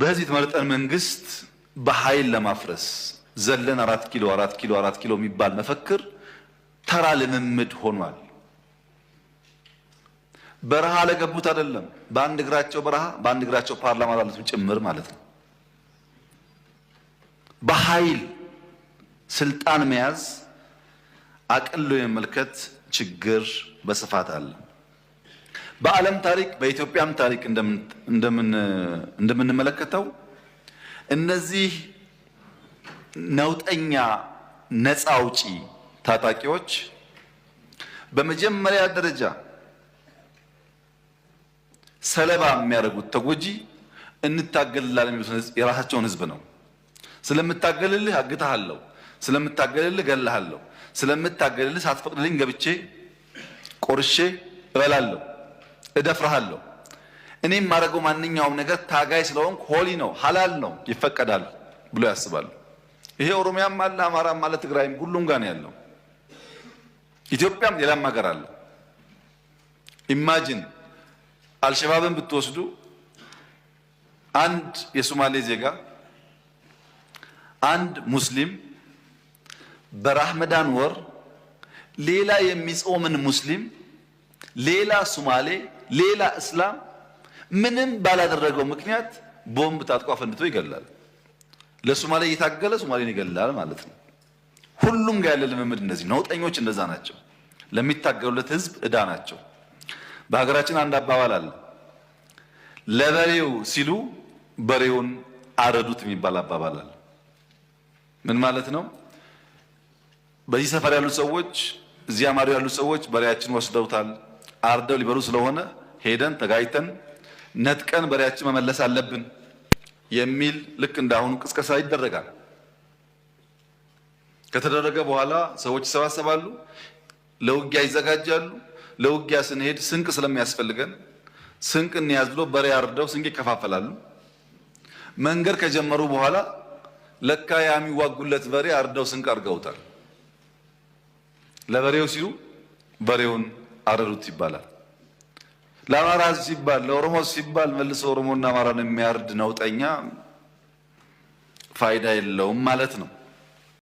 በዚህ የተመረጠን መንግስት በኃይል ለማፍረስ ዘለን አራት ኪሎ አራት ኪሎ አራት ኪሎ የሚባል መፈክር ተራ ልምምድ ሆኗል። በረሃ ለገቡት አይደለም፣ በአንድ እግራቸው በረሃ በአንድ እግራቸው ፓርላማ ላሉትም ጭምር ማለት ነው። በኃይል ስልጣን መያዝ አቅሎ የመመልከት ችግር በስፋት አለ። በዓለም ታሪክ በኢትዮጵያም ታሪክ እንደምንመለከተው እነዚህ ነውጠኛ ነፃ አውጪ ታጣቂዎች በመጀመሪያ ደረጃ ሰለባ የሚያደርጉት ተጎጂ እንታገልላል የሚሉት የራሳቸውን ህዝብ ነው። ስለምታገልልህ አግታሃለሁ፣ ስለምታገልልህ ገላሃለሁ፣ ስለምታገልልህ ሳትፈቅድልኝ ገብቼ ቆርሼ እበላለሁ እደፍርሃለሁ። እኔም ማድረገው ማንኛውም ነገር ታጋይ ስለሆንኩ ሆሊ ነው፣ ሀላል ነው፣ ይፈቀዳል ብሎ ያስባሉ። ይሄ ኦሮሚያም አለ፣ አማራም አለ፣ ትግራይም ሁሉም ጋር ነው ያለው። ኢትዮጵያም ሌላም ሀገር አለ። ኢማጂን አልሸባብን ብትወስዱ አንድ የሶማሌ ዜጋ አንድ ሙስሊም በራህመዳን ወር ሌላ የሚጾምን ሙስሊም ሌላ ሶማሌ ሌላ እስላም ምንም ባላደረገው ምክንያት ቦምብ ታጥቋ ፈንድቶ ይገላል። ለሶማሌ እየታገለ ሶማሌን ይገላል ማለት ነው። ሁሉም ጋር ያለ ልምምድ እንደዚህ ነውጠኞች እንደዛ ናቸው። ለሚታገሉለት ህዝብ እዳ ናቸው። በሀገራችን አንድ አባባል አለ። ለበሬው ሲሉ በሬውን አረዱት የሚባል አባባል አለ። ምን ማለት ነው? በዚህ ሰፈር ያሉ ሰዎች፣ እዚያ ማዶ ያሉ ሰዎች በሬያችን ወስደውታል አርደው ሊበሉ ስለሆነ ሄደን ተጋይተን ነጥቀን በሬያችን መመለስ አለብን የሚል ልክ እንዳሁኑ ቅስቀሳ ይደረጋል። ከተደረገ በኋላ ሰዎች ይሰባሰባሉ፣ ለውጊያ ይዘጋጃሉ። ለውጊያ ስንሄድ ስንቅ ስለሚያስፈልገን ስንቅ እንያዝ ብሎ በሬ አርደው ስንቅ ይከፋፈላሉ። መንገድ ከጀመሩ በኋላ ለካ ያ የሚዋጉለት በሬ አርደው ስንቅ አድርገውታል። ለበሬው ሲሉ በሬውን አረዱት ይባላል። ለአማራ ሲባል ለኦሮሞ ሲባል መልሶ ኦሮሞና አማራን የሚያርድ ነውጠኛ ፋይዳ የለውም ማለት ነው።